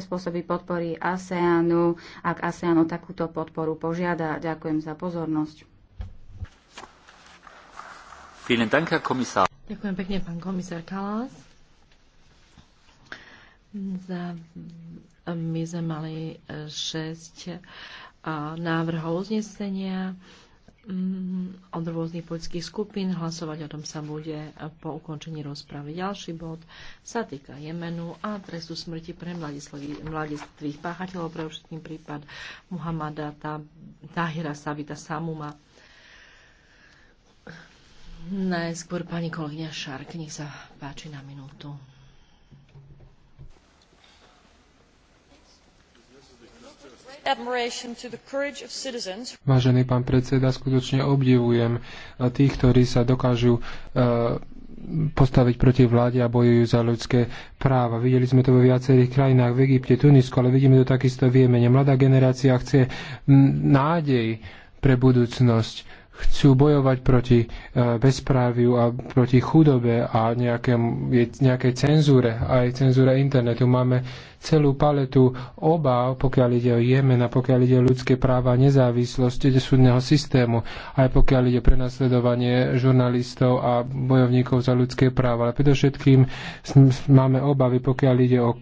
spôsoby podpory ASEANu, ak ASEAN o takúto podporu požiada. Ďakujem za pozornosť. Ďakujem pekne, pán komisár Kalás. Za, my sme mali eh, šesť eh, návrhov uznesenia. Mm, od rôznych politických skupín. Hlasovať o tom sa bude po ukončení rozpravy. Ďalší bod sa týka Jemenu a trestu smrti pre mladistvých páchateľov, pre všetkým prípad Muhammada Tahira Savita Samuma. Najskôr pani kolegyňa Šark, nech sa páči na minútu. Vážený pán predseda, skutočne obdivujem eh, tých, ktorí sa dokážu eh, postaviť proti vláde a bojujú za ľudské práva. Videli sme to vo viacerých krajinách, v Egypte, Tunisku, ale vidíme to takisto v Jemene. Mladá generácia chce hm, nádej pre budúcnosť chcú bojovať proti e, bezpráviu a proti chudobe a nejakej cenzúre, aj cenzúre internetu. Máme celú paletu obáv, pokiaľ ide o Jemen a pokiaľ ide o ľudské práva a nezávislosť súdneho systému, aj pokiaľ ide o prenasledovanie žurnalistov a bojovníkov za ľudské práva. Ale predovšetkým máme obavy, pokiaľ ide o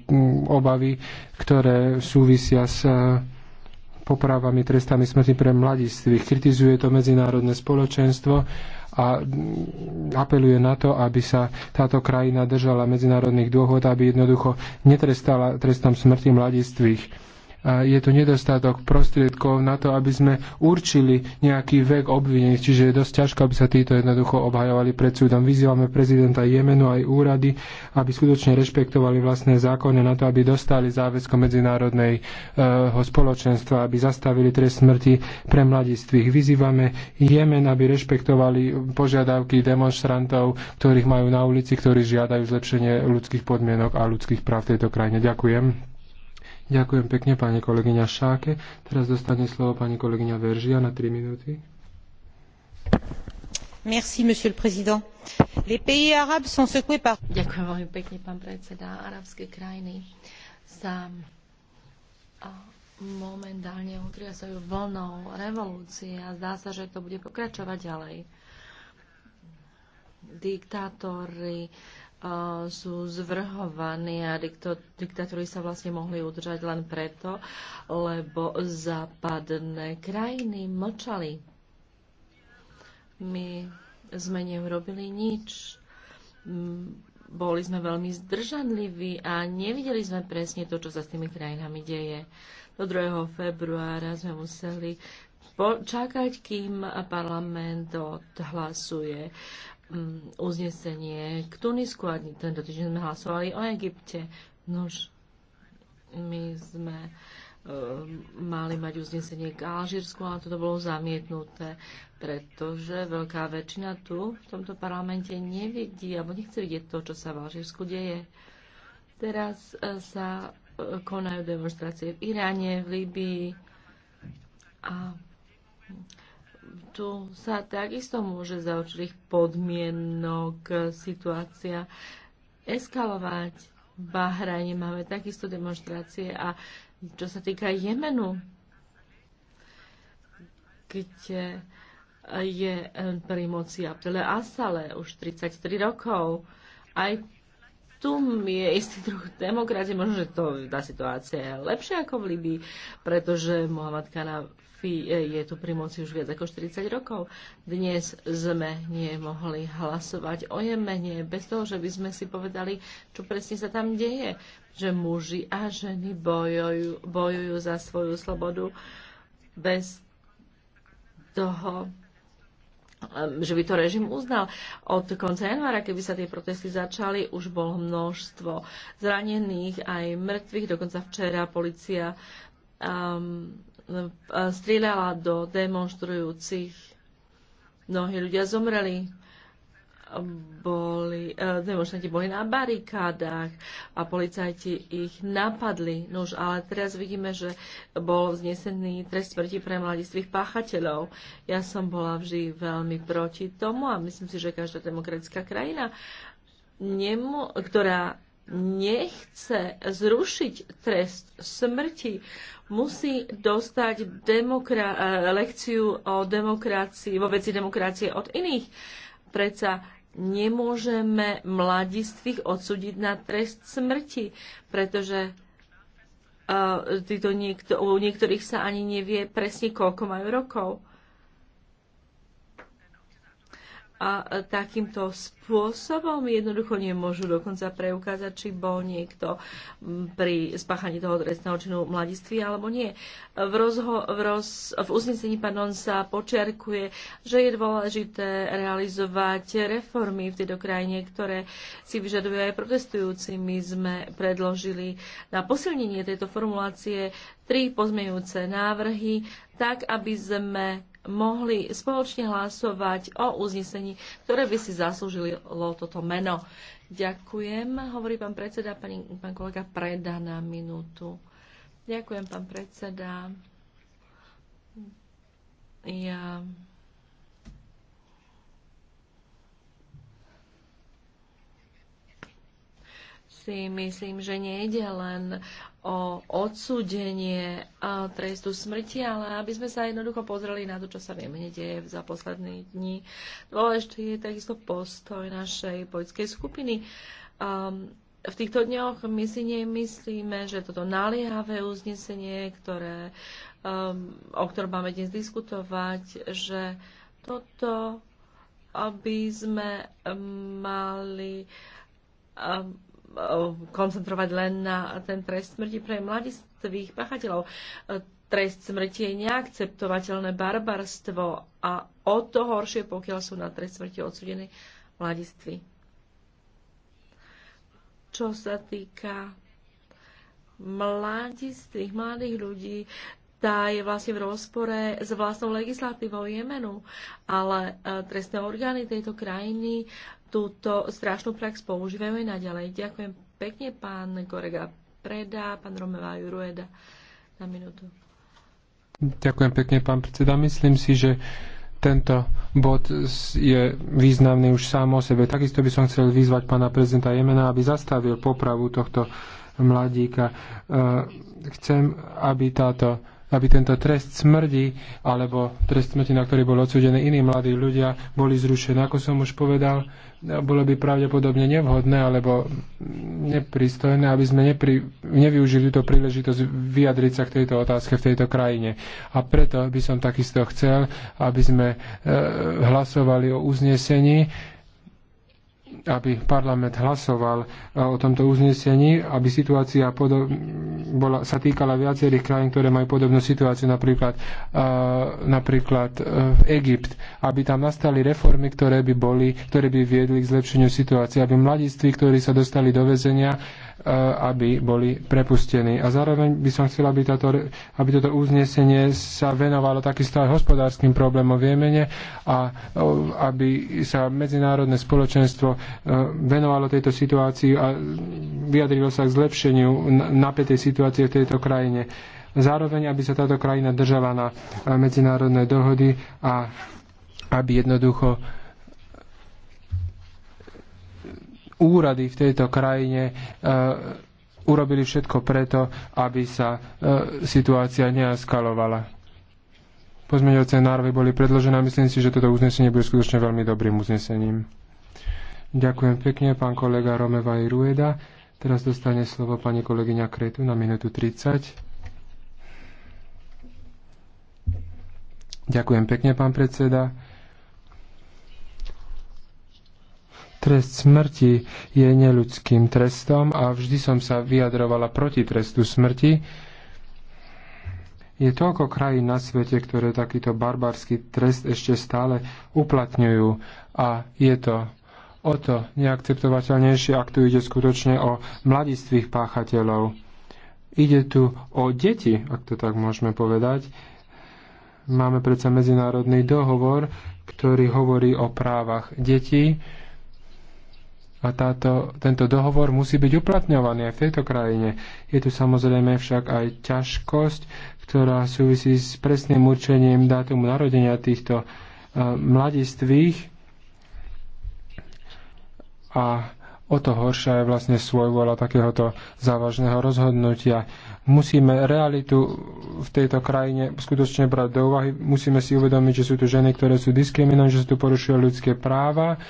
obavy, ktoré súvisia s popravami, trestami smrti pre mladistvých. Kritizuje to medzinárodné spoločenstvo a apeluje na to, aby sa táto krajina držala medzinárodných dôhod, aby jednoducho netrestala trestom smrti mladistvých je tu nedostatok prostriedkov na to, aby sme určili nejaký vek obvinení, čiže je dosť ťažko, aby sa títo jednoducho obhajovali pred súdom. Vyzývame prezidenta Jemenu aj úrady, aby skutočne rešpektovali vlastné zákony na to, aby dostali záväzko medzinárodného eh, spoločenstva, aby zastavili trest smrti pre mladistvých. Vyzývame Jemen, aby rešpektovali požiadavky demonstrantov, ktorých majú na ulici, ktorí žiadajú zlepšenie ľudských podmienok a ľudských práv v tejto krajine. Ďakujem. Ďakujem pekne, pani kolegyňa Šáke. Teraz dostane slovo pani kolegyňa Veržia na 3 minúty. Merci, monsieur le président. Les pays arabes sont secoués par... Ďakujem veľmi pekne, pán predseda. Arabské krajiny sa momentálne utriasajú vlnou revolúcie a zdá sa, že to bude pokračovať ďalej. Diktátori sú zvrhovaní a diktatúry sa vlastne mohli udržať len preto, lebo západné krajiny mlčali. My sme neurobili nič. Boli sme veľmi zdržanliví a nevideli sme presne to, čo sa s tými krajinami deje. Do 2. februára sme museli čakať, kým parlament odhlasuje Mm, uznesenie k Tunisku a tento týždeň sme hlasovali o Egypte. Nož, my sme eh, mali mať uznesenie k Alžírsku, ale toto bolo zamietnuté, pretože veľká väčšina tu v tomto parlamente nevidí alebo nechce vidieť to, čo sa v Alžírsku deje. Teraz eh, sa eh, konajú demonstrácie v Iráne, v Líbii a tu sa takisto môže za určitých podmienok e, situácia eskalovať. V Bahrajne máme takisto demonstrácie a čo sa týka Jemenu, kde je e, pri moci Abdele Asale už 33 rokov. Aj tu je istý druh demokracie, možno, že to, tá situácia je lepšia ako v Libii, pretože Mohamed Kana E, je tu pri moci už viac ako 40 rokov. Dnes sme nemohli hlasovať o Jemene bez toho, že by sme si povedali, čo presne sa tam deje. Že muži a ženy bojujú, bojujú za svoju slobodu bez toho, e, že by to režim uznal. Od konca januára, keby sa tie protesty začali, už bolo množstvo zranených, aj mŕtvych. Dokonca včera policia um, strieľala do demonstrujúcich. Mnohí ľudia zomreli, boli, e, demonstranti boli na barikádach a policajti ich napadli. Nož, ale teraz vidíme, že bol vznesený trest smrti pre mladistvých páchateľov. Ja som bola vždy veľmi proti tomu a myslím si, že každá demokratická krajina, nemo, ktorá nechce zrušiť trest smrti, musí dostať eh, lekciu o demokracii, vo veci demokracie od iných. Preca nemôžeme mladistvých odsúdiť na trest smrti, pretože uh, títo niekto, u niektorých sa ani nevie presne, koľko majú rokov. a e, takýmto spôsobom jednoducho nemôžu dokonca preukázať, či bol niekto pri spáchaní toho trestného činu mladiství alebo nie. V, rozho- v, roz- v uznesení pardon, sa počerkuje, že je dôležité realizovať reformy v tejto krajine, ktoré si vyžadujú aj protestujúci. My sme predložili na posilnenie tejto formulácie tri pozmejúce návrhy, tak aby sme mohli spoločne hlasovať o uznesení, ktoré by si zaslúžilo toto meno. Ďakujem, hovorí pán predseda, pani, pán kolega Preda na minútu. Ďakujem, pán predseda. Ja... si myslím, že nejde len o odsúdenie trestu smrti, ale aby sme sa jednoducho pozreli na to, čo sa vieme deje za posledné dni. Dôležitý je takisto postoj našej poľskej skupiny. Um, v týchto dňoch my si nemyslíme, že toto naliehavé uznesenie, ktoré, um, o ktorom máme dnes diskutovať, že toto aby sme ehm, mali um, Eh, koncentrovať len na ten trest smrti pre mladistvých pachateľov. Trest smrti je neakceptovateľné barbarstvo a o to horšie, pokiaľ sú na trest smrti odsudení mladiství. Čo sa týka mladistvých, mladých ľudí, tá je vlastne v rozpore s vlastnou legislatívou Jemenu, ale eh, trestné orgány tejto krajiny túto strašnú prax používajú aj naďalej. Ďakujem pekne, pán Gorega Preda, pán Romeva Jurueda na minútu. Ďakujem pekne, pán predseda. Myslím si, že tento bod je významný už sám o sebe. Takisto by som chcel vyzvať pána prezidenta Jemena, aby zastavil popravu tohto mladíka. E, chcem, aby táto aby tento trest smrti alebo trest smrti, na ktorý bol odsudený iní mladí ľudia, boli zrušené. Ako som už povedal, bolo by pravdepodobne nevhodné alebo nepristojné, aby sme nepri, nevyužili túto príležitosť vyjadriť sa k tejto otázke v tejto krajine. A preto by som takisto chcel, aby sme e, hlasovali o uznesení, aby parlament hlasoval e, o tomto uznesení, aby situácia podob, bola, sa týkala viacerých krajín, ktoré majú podobnú situáciu, napríklad, uh, napríklad uh, Egypt, aby tam nastali reformy, ktoré by, boli, ktoré by viedli k zlepšeniu situácie, aby mladiství, ktorí sa dostali do väzenia, aby boli prepustení. A zároveň by som chcel, aby, táto, aby toto uznesenie sa venovalo takisto aj hospodárskym problémom v Jemene a aby sa medzinárodné spoločenstvo e, venovalo tejto situácii a vyjadrilo sa k zlepšeniu napätej situácie v tejto krajine. Zároveň, aby sa táto krajina držala na e, medzinárodné dohody a aby jednoducho úrady v tejto krajine e, urobili všetko preto, aby sa e, situácia neaskalovala. Pozmeňujúce nárovy boli predložené a myslím si, že toto uznesenie bude skutočne veľmi dobrým uznesením. Ďakujem pekne, pán kolega Romeva Rueda. Teraz dostane slovo pani kolegyňa Kretu na minútu 30. Ďakujem pekne, pán predseda. Trest smrti je neľudským trestom a vždy som sa vyjadrovala proti trestu smrti. Je toľko krajín na svete, ktoré takýto barbarský trest ešte stále uplatňujú a je to o to neakceptovateľnejšie, ak tu ide skutočne o mladistvých páchateľov. Ide tu o deti, ak to tak môžeme povedať. Máme predsa medzinárodný dohovor, ktorý hovorí o právach detí a táto, tento dohovor musí byť uplatňovaný aj v tejto krajine. Je tu samozrejme však aj ťažkosť, ktorá súvisí s presným určením dátumu narodenia týchto e, mladistvých. A o to horšia je vlastne svojvola takéhoto závažného rozhodnutia. Musíme realitu v tejto krajine skutočne brať do úvahy. Musíme si uvedomiť, že sú tu ženy, ktoré sú diskriminované, že sa tu porušujú ľudské práva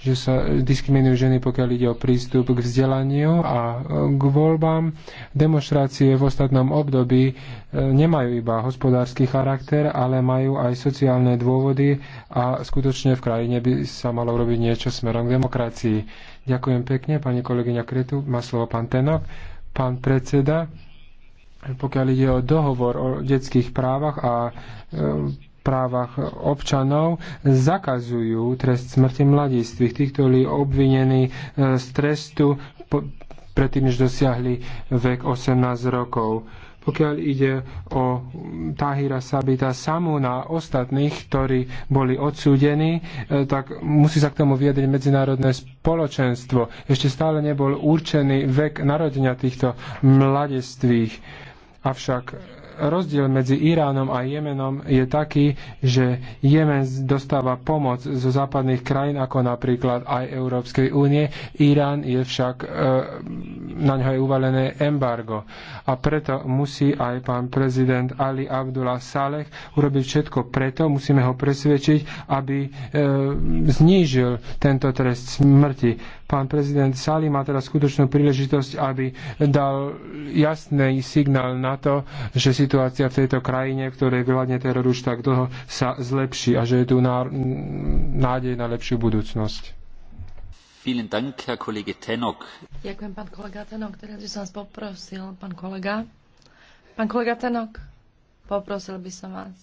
že sa diskriminujú ženy, pokiaľ ide o prístup k vzdelaniu a e, k voľbám. Demonstrácie v ostatnom období e, nemajú iba hospodársky charakter, ale majú aj sociálne dôvody a skutočne v krajine by sa malo robiť niečo smerom k demokracii. Ďakujem pekne, pani kolegyňa Kretu. Má slovo pán Tenok. Pán predseda, pokiaľ ide o dohovor o detských právach a e, právach občanov zakazujú trest smrti mladistvých, tých, ktorí obvinení e, z trestu predtým, než dosiahli vek 18 rokov. Pokiaľ ide o Tahira Sabita samú na ostatných, ktorí boli odsúdení, e, tak musí sa k tomu vyjadriť medzinárodné spoločenstvo. Ešte stále nebol určený vek narodenia týchto mladistvých. Avšak rozdiel medzi Iránom a Jemenom je taký, že Jemen dostáva pomoc zo západných krajín, ako napríklad aj Európskej únie. Irán je však, e, na ňo je uvalené embargo. A preto musí aj pán prezident Ali Abdullah Saleh urobiť všetko preto, musíme ho presvedčiť, aby e, znížil tento trest smrti Pán prezident Sali má teraz skutočnú príležitosť, aby dal jasný signál na to, že situácia v tejto krajine, v ktorej vládne teror už tak dlho, sa zlepší a že je tu nádej na lepšiu budúcnosť. Dank, Ďakujem, pán kolega Tenok. Teraz by som vás poprosil, pán kolega. Pán kolega Tenok, poprosil by som vás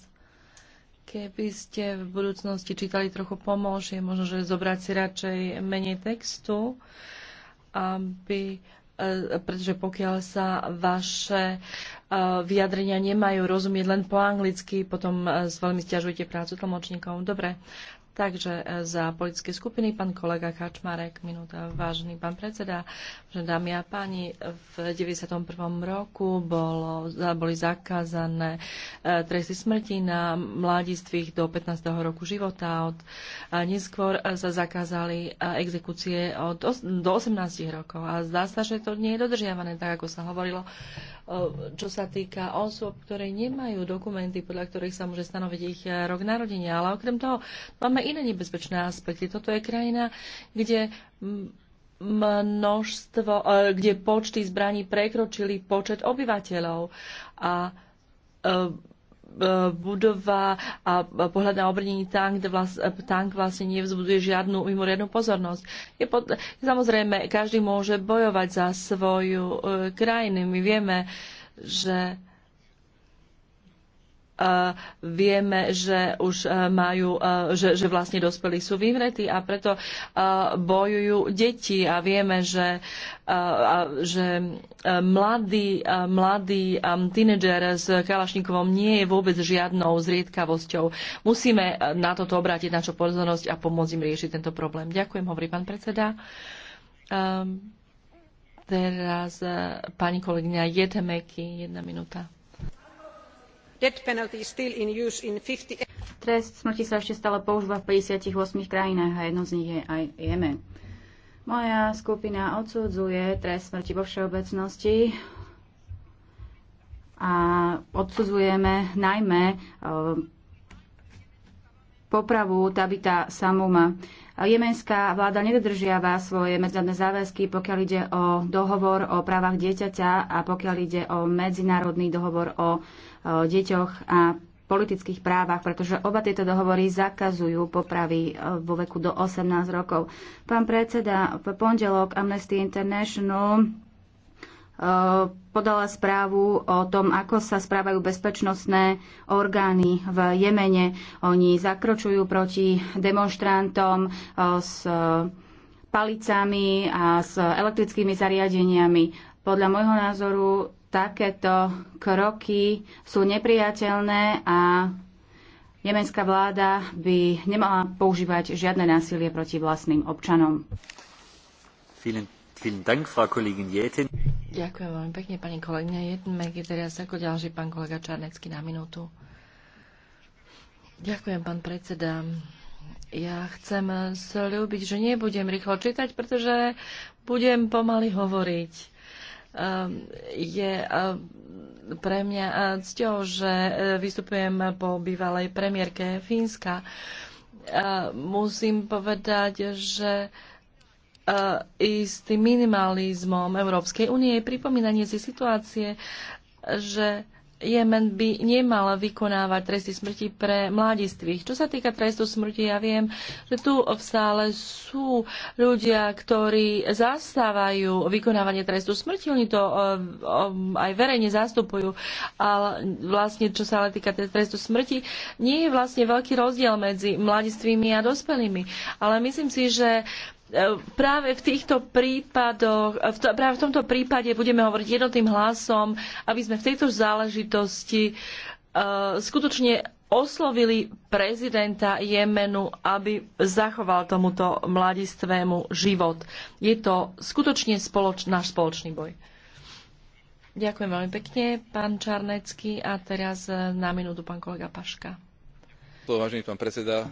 Keby ste v budúcnosti čítali trochu pomôže, možno, že zobrať si radšej menej textu, aby e, pretože pokiaľ sa vaše e, vyjadrenia nemajú rozumieť len po anglicky, potom e, veľmi stiažujete prácu tlmočníkom. Dobre, Takže e, za politické skupiny pán kolega Kačmarek, minúta, vážený pán predseda, že dámy a páni, v 91. roku bolo, boli zakázané e, tresty smrti na mladistvých do 15. roku života. Od, a e, neskôr sa zakázali exekúcie od, do 18 rokov. A zdá sa, že to nie je dodržiavané, tak ako sa hovorilo čo sa týka osôb, ktoré nemajú dokumenty, podľa ktorých sa môže stanoviť ich e, rok narodenia. Ale okrem toho máme iné nebezpečné aspekty. Toto je krajina, kde množstvo, e, kde počty zbraní prekročili počet obyvateľov. A e, E, budova a pohľad na obrnení tank, kde vlast, e, tank vlastne nevzbuduje žiadnu mimoriadnú pozornosť. Je pod, samozrejme, každý môže bojovať za svoju e, krajinu. My vieme, že vieme, že už e, majú, e, že, že vlastne dospelí sú vyhretí a preto e, bojujú deti a vieme, že, že mladý, mladý tínedžer s Kalašníkovom nie je vôbec žiadnou zriedkavosťou. Musíme na toto obrátiť našu pozornosť a pomôcť im riešiť tento problém. Ďakujem, hovorí pán predseda. Teraz pani kolegyňa Jetemeky, jedna minúta. Trest smrti sa ešte stále používa v 58 krajinách a jednou z nich je aj Jemen. Moja skupina odsudzuje trest smrti vo všeobecnosti a odsudzujeme najmä eh, popravu Tabita Samuma. Jemenská vláda nedodržiava svoje medzinárodné záväzky, pokiaľ ide o dohovor o právach dieťaťa a pokiaľ ide o medzinárodný dohovor o deťoch a politických právach, pretože oba tieto dohovory zakazujú popravy e, vo veku do 18 rokov. Pán predseda, v pondelok Amnesty International Eh, podala správu o tom, ako sa správajú bezpečnostné orgány v Jemene. Oni zakročujú proti demonstrantom eh, s palicami a s elektrickými zariadeniami. Podľa môjho názoru takéto kroky sú nepriateľné a jemenská vláda by nemala používať žiadne násilie proti vlastným občanom. Vielen, vielen Dank, Frau Kollegin Jäten. Ďakujem veľmi pekne, pani kolegyňa. Jedneme teraz ako ďalší pán kolega Čarnecký na minútu. Ďakujem, pán predseda. Ja chcem slúbiť, že nebudem rýchlo čítať, pretože budem pomaly hovoriť. Ehm, je ehm, pre mňa ehm, cťou, že vystupujem po bývalej premiérke Fínska. Musím povedať, že E, tým minimalizmom Európskej únie je pripomínanie si situácie, že Jemen by nemal vykonávať tresty smrti pre mladistvých. Čo sa týka trestu smrti, ja viem, že tu v sále sú ľudia, ktorí zastávajú vykonávanie trestu smrti. Oni to e, e, aj verejne zastupujú. Ale vlastne, čo sa ale týka trestu smrti, nie je vlastne veľký rozdiel medzi mladistvými a dospelými. Ale myslím si, že E, práve v týchto prípadoch, e, v to, práve v tomto prípade budeme hovoriť jednotným hlasom, aby sme v tejto záležitosti uh, skutočne oslovili prezidenta Jemenu, aby zachoval tomuto mladistvému život. Je to skutočne spoloč, náš spoločný boj. Ďakujem veľmi pekne, pán Čarnecký. A teraz na minútu pán kolega Paška. Vážený pán predseda,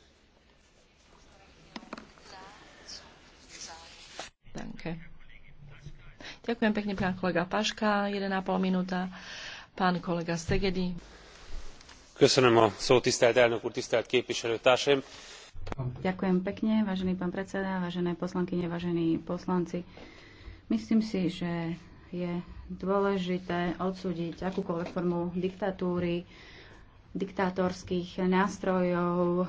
Ďakujem pekne, pán kolega Paška, 1,5 minúta. Pán kolega Segedi. Köszönöm a szó, tisztelt elnök úr, tisztelt képviselőtársaim. Ďakujem pekne, vážený pán predseda, vážené poslankyne, vážení poslanci. Myslím si, že je dôležité odsúdiť akúkoľvek formu diktatúry, diktátorských nástrojov,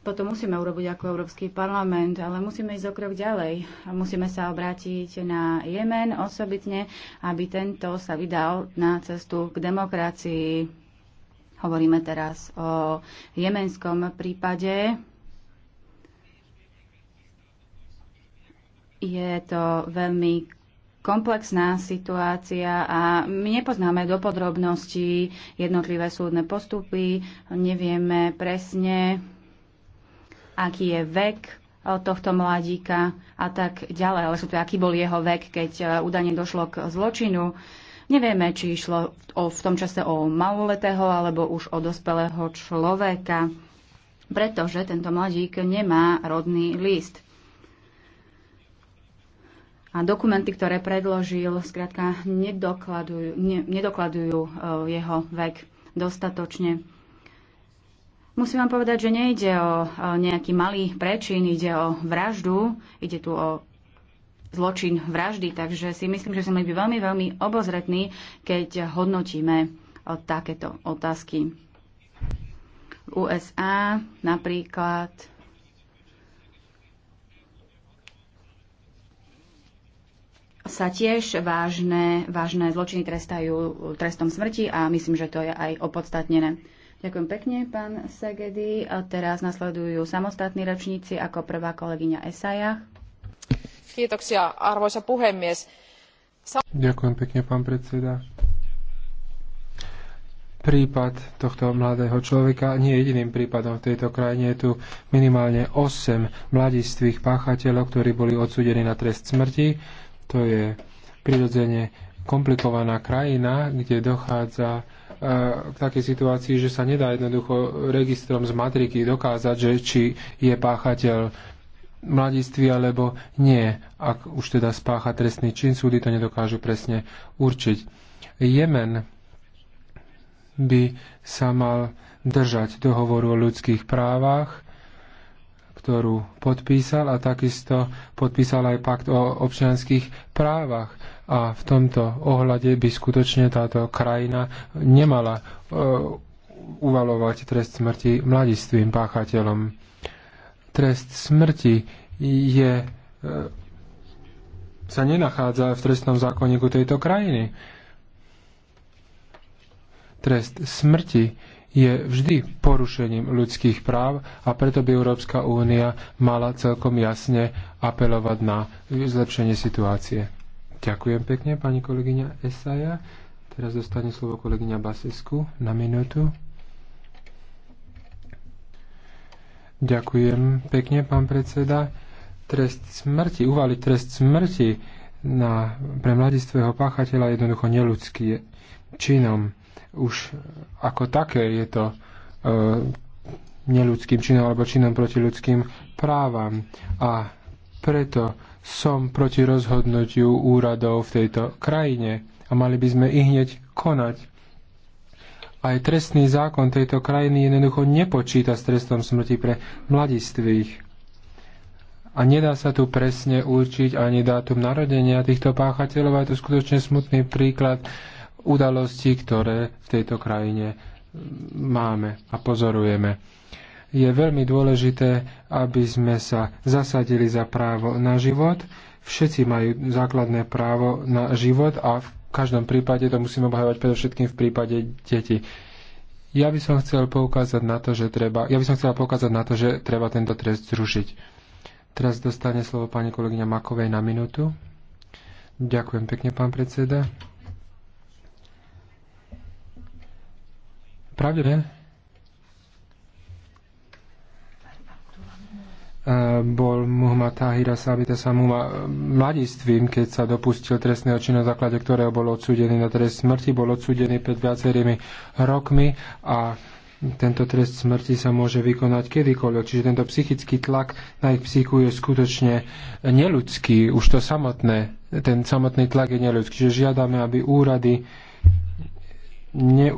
toto musíme urobiť ako Európsky parlament, ale musíme ísť o krok ďalej. Musíme sa obrátiť na Jemen osobitne, aby tento sa vydal na cestu k demokracii. Hovoríme teraz o jemenskom prípade. Je to veľmi komplexná situácia a my nepoznáme do podrobností jednotlivé súdne postupy, nevieme presne, aký je vek eh, tohto mladíka a tak ďalej. Ale sú to, aký bol jeho vek, keď eh, údajne došlo k zločinu. Nevieme, či išlo o, v tom čase o maloletého alebo už o dospelého človeka, pretože tento mladík nemá rodný list. A dokumenty, ktoré predložil, skrátka nedokladujú, ne, nedokladujú eh, jeho vek dostatočne. Musím vám povedať, že nejde o nejaký malý prečin, ide o vraždu, ide tu o zločin vraždy, takže si myslím, že sme by veľmi, veľmi obozretní, keď hodnotíme takéto otázky. V USA napríklad sa tiež vážne, vážne zločiny trestajú trestom smrti a myslím, že to je aj opodstatnené. Ďakujem pekne, pán Segedy. A teraz nasledujú samostatní rečníci ako prvá kolegyňa Esajach. Kiitoksia, arvoisa puhemies. Ďakujem pekne, pán predseda. Prípad tohto mladého človeka nie je jediným prípadom v tejto krajine. Je tu minimálne 8 mladistvých páchateľov, ktorí boli odsúdení na trest smrti. To je prirodzene komplikovaná krajina, kde dochádza e, k takej situácii, že sa nedá jednoducho registrom z matriky dokázať, že či je páchateľ mladiství alebo nie. Ak už teda spácha trestný čin, súdy to nedokážu presne určiť. Jemen by sa mal držať dohovoru o ľudských právach ktorú podpísal a takisto podpísal aj pakt o občianských právach. A v tomto ohľade by skutočne táto krajina nemala uh, uvalovať trest smrti mladistvým páchateľom. Trest smrti je, uh, sa nenachádza v trestnom zákonníku tejto krajiny. Trest smrti je vždy porušením ľudských práv a preto by Európska únia mala celkom jasne apelovať na zlepšenie situácie. Ďakujem pekne, pani kolegyňa Esaja. Teraz dostane slovo kolegyňa Basesku na minútu. Ďakujem pekne, pán predseda. Trest smrti, uvaliť trest smrti na, pre mladistvého páchateľa jednoducho neludský je činom už ako také je to e, neludským činom alebo činom proti ľudským právam. A preto som proti rozhodnutiu úradov v tejto krajine a mali by sme ich hneď konať. Aj trestný zákon tejto krajiny jednoducho nepočíta s trestom smrti pre mladistvých. A nedá sa tu presne určiť ani dátum narodenia týchto páchateľov. A je to skutočne smutný príklad udalosti, ktoré v tejto krajine máme a pozorujeme. Je veľmi dôležité, aby sme sa zasadili za právo na život. Všetci majú základné právo na život a v každom prípade to musíme obhajovať predovšetkým v prípade detí. Ja by som chcel poukázať na to, že treba, ja by som chcel poukázať na to, že treba tento trest zrušiť. Teraz dostane slovo pani kolegyňa Makovej na minútu. Ďakujem pekne, pán predseda. Pravde eh, bol Muhammad Tahira Sabita Samuma eh, mladistvím, keď sa dopustil trestného činu, na základe ktorého bol odsúdený na trest smrti, bol odsúdený pred viacerými rokmi a tento trest smrti sa môže vykonať kedykoľvek. Čiže tento psychický tlak na ich psychu je skutočne neludský. Už to samotné, ten samotný tlak je neludský. Čiže žiadame, aby úrady ne,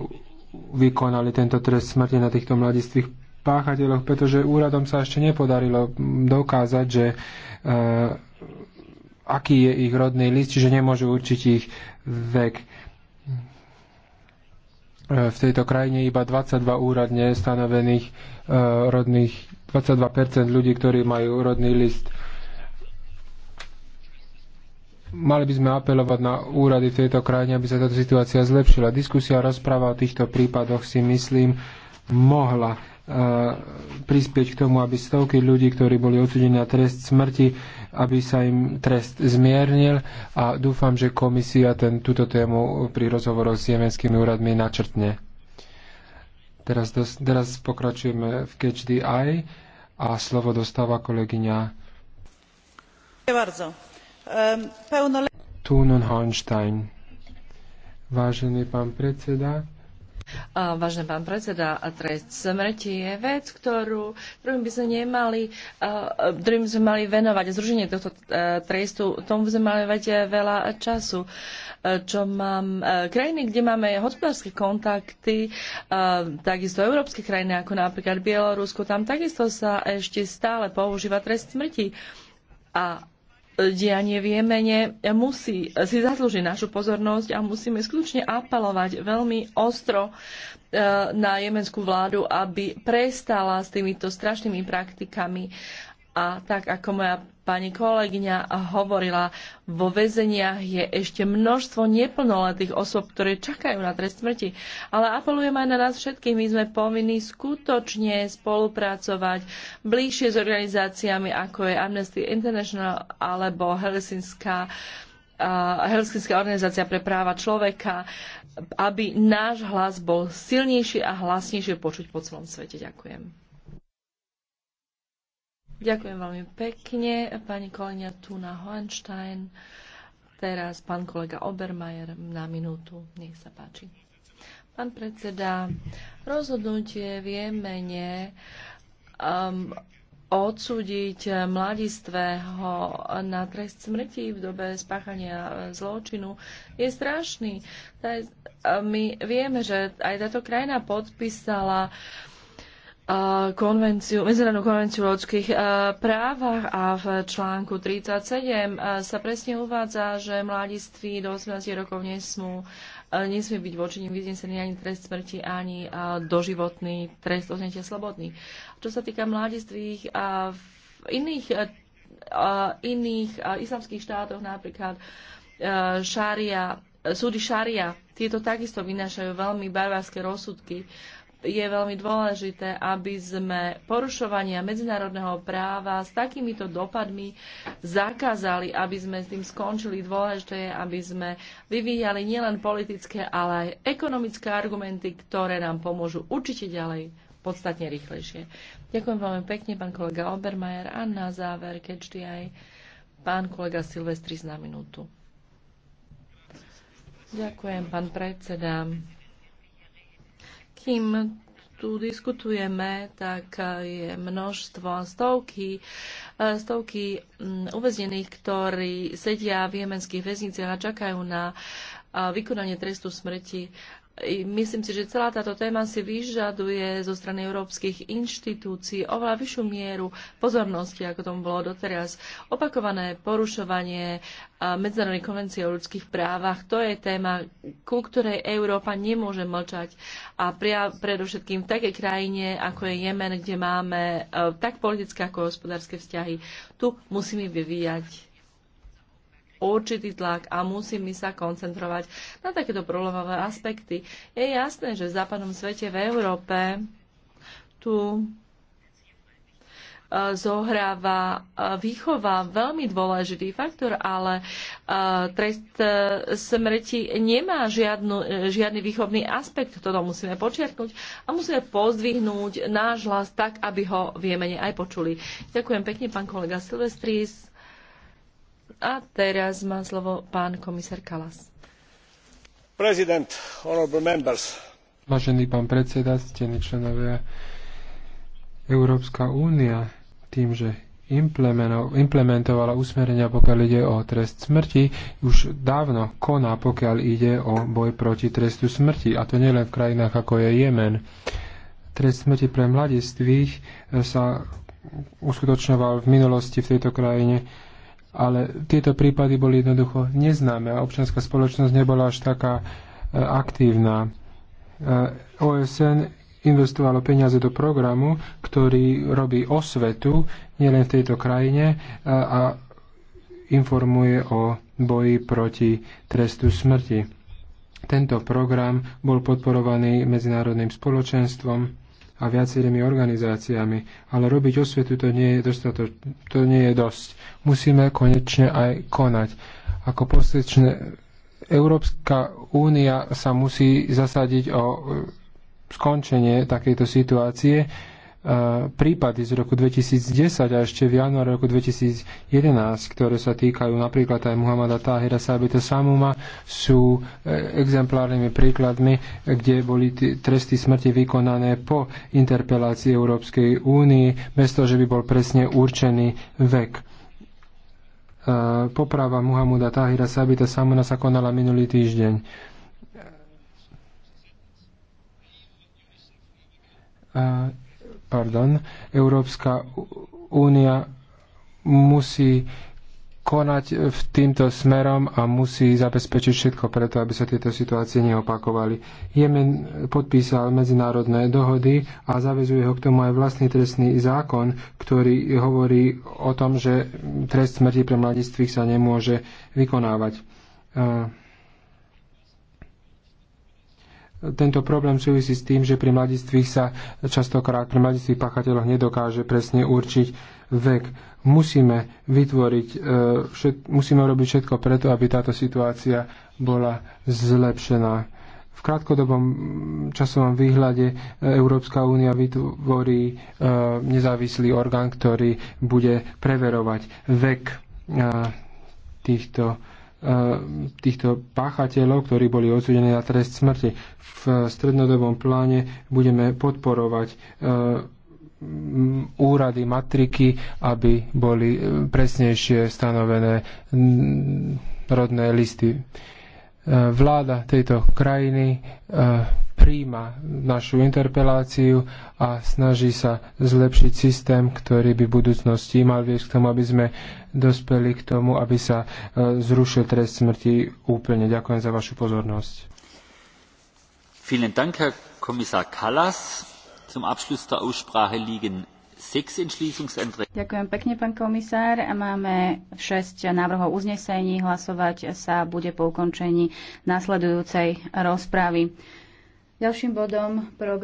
vykonali tento trest smrti na týchto mladistvých páchateľoch, pretože úradom sa ešte nepodarilo mm, dokázať, že e, aký je ich rodný list, čiže nemôžu určiť ich vek. E, v tejto krajine iba 22 úradne stanovených e, rodných, 22% ľudí, ktorí majú rodný list mali by sme apelovať na úrady v tejto krajine, aby sa táto situácia zlepšila. Diskusia a rozpráva o týchto prípadoch si myslím mohla e, prispieť k tomu, aby stovky ľudí, ktorí boli odsudení na trest smrti, aby sa im trest zmiernil a dúfam, že komisia ten, túto tému pri rozhovoroch s jemenskými úradmi načrtne. Teraz, dos, teraz pokračujeme v KHDI a slovo dostáva kolegyňa. Ďakujem Ehm, Túnon Hornstein. Vážený pán predseda, Vážený pán predseda, trest smrti je vec, ktorú, by sme nemali, ktorým sme mali venovať, zruženie tohto e, trestu, tomu by sme mali venovať e, veľa času. E, čo mám, krajiny, kde máme hospodárske kontakty, takisto európske krajiny, ako napríklad Bielorusko, tam takisto sa ešte stále používa trest smrti. A dianie v Jemene musí, si zaslúžiť našu pozornosť a musíme skutočne apelovať veľmi ostro e, na jemenskú vládu, aby prestala s týmito strašnými praktikami a tak ako moja pani kolegyňa hovorila, vo väzeniach je ešte množstvo neplnoletých osôb, ktoré čakajú na trest smrti. Ale apelujem aj na nás všetkých, my sme povinní skutočne spolupracovať bližšie s organizáciami, ako je Amnesty International alebo Helsinská Helsinská organizácia pre práva človeka, aby náš hlas bol silnejší a hlasnejšie počuť po celom svete. Ďakujem. Ďakujem veľmi pekne, pani kolegyňa Tuna Hohenstein. Teraz pán kolega Obermajer na minútu. Nech sa páči. Pán predseda, rozhodnutie v Jemene um, odsúdiť mladistvého na trest smrti v dobe spáchania zločinu je strašný. My vieme, že aj táto krajina podpísala konvenciu, medzinárodnú konvenciu o ľudských právach a v článku 37 sa presne uvádza, že mladiství do 18 rokov nesmú nesmie byť voči nim vyznesený ani trest smrti, ani doživotný trest odňatia slobodný. Čo sa týka mladistvých a v iných, a iných a islamských štátoch, napríklad šária, súdy šária, tieto takisto vynášajú veľmi barvárske rozsudky je veľmi dôležité, aby sme porušovania medzinárodného práva s takýmito dopadmi zakázali, aby sme s tým skončili. Dôležité je, aby sme vyvíjali nielen politické, ale aj ekonomické argumenty, ktoré nám pomôžu určite ďalej podstatne rýchlejšie. Ďakujem veľmi pekne, pán kolega Obermajer. A na záver, keďže aj pán kolega Silvestris na minútu. Ďakujem, pán predseda kým tu diskutujeme, tak e, je množstvo, stovky, e, stovky uväznených, ktorí sedia v jemenských väzniciach a čakajú na e, vykonanie trestu smrti. Myslím si, že celá táto téma si vyžaduje zo strany európskych inštitúcií oveľa vyššiu mieru pozornosti, ako tomu bolo doteraz. Opakované porušovanie Medzinárodnej konvencie o ľudských právach, to je téma, ku ktorej Európa nemôže mlčať. A pria, predovšetkým v takej krajine, ako je Jemen, kde máme tak politické ako hospodárske vzťahy, tu musíme vyvíjať určitý tlak a musíme sa koncentrovať na takéto problémové aspekty. Je jasné, že v západnom svete, v Európe, tu e, zohráva e, výchova veľmi dôležitý faktor, ale e, trest smrti nemá žiadnu, žiadny výchovný aspekt. Toto musíme počiarknúť a musíme pozdvihnúť náš hlas tak, aby ho v Jemene aj počuli. Ďakujem pekne, pán kolega Silvestris. A teraz má slovo pán komisár Kalas. President, honorable members. Vážený pán predseda, ctení členovia, Európska únia tým, že implementovala usmerenia, pokiaľ ide o trest smrti, už dávno koná, pokiaľ ide o boj proti trestu smrti. A to nielen v krajinách, ako je Jemen. Trest smrti pre mladistvých sa uskutočňoval v minulosti v tejto krajine ale tieto prípady boli jednoducho neznáme a občianská spoločnosť nebola až taká e, aktívna. E, OSN investovalo peniaze do programu, ktorý robí osvetu nielen v tejto krajine e, a informuje o boji proti trestu smrti. Tento program bol podporovaný medzinárodným spoločenstvom a viacerými organizáciami, ale robiť osvetu to nie je, dostato, to nie je dosť. Musíme konečne aj konať. Ako posledčne, Európska únia sa musí zasadiť o e, skončenie takejto situácie, Eh, prípady z roku 2010 a ešte v januári roku 2011, ktoré sa týkajú napríklad aj Muhammada Tahira Sabita Samuma, sú eh, exemplárnymi príkladmi, kde boli tresty smrti vykonané po interpelácii Európskej únii, bez toho, že by bol presne určený vek eh, poprava Muhamuda Tahira Sabita Samuna sa konala minulý týždeň. Uh, pardon, Európska únia musí konať v týmto smerom a musí zabezpečiť všetko preto, aby sa tieto situácie neopakovali. Jemen podpísal medzinárodné dohody a zavezuje ho k tomu aj vlastný trestný zákon, ktorý hovorí o tom, že trest smrti pre mladistvých sa nemôže vykonávať. E, tento problém súvisí s tým, že pri mladistvých sa častokrát pri mladistvých pachateľoch nedokáže presne určiť vek. Musíme vytvoriť, e, všet, musíme robiť všetko preto, aby táto situácia bola zlepšená. V krátkodobom časovom výhľade e, Európska únia vytvorí e, nezávislý orgán, ktorý bude preverovať vek týchto Eh, týchto páchateľov, ktorí boli odsudení na trest smrti. V strednodobom pláne budeme podporovať eh, úrady, matriky, aby boli eh, presnejšie stanovené mm, rodné listy. Vláda tejto krajiny príjma našu interpeláciu a snaží sa zlepšiť systém, ktorý by v budúcnosti mal viesť k tomu, aby sme dospeli k tomu, aby sa e, zrušil trest smrti úplne. Ďakujem za vašu pozornosť. Vielen Dank, Herr Kommissar Kallas. Zum Abschluss der Aussprache liegen Ďakujem pekne, pán komisár. Máme šesť návrhov uznesení. Hlasovať sa bude po ukončení nasledujúcej rozpravy. Ďalším bodom programu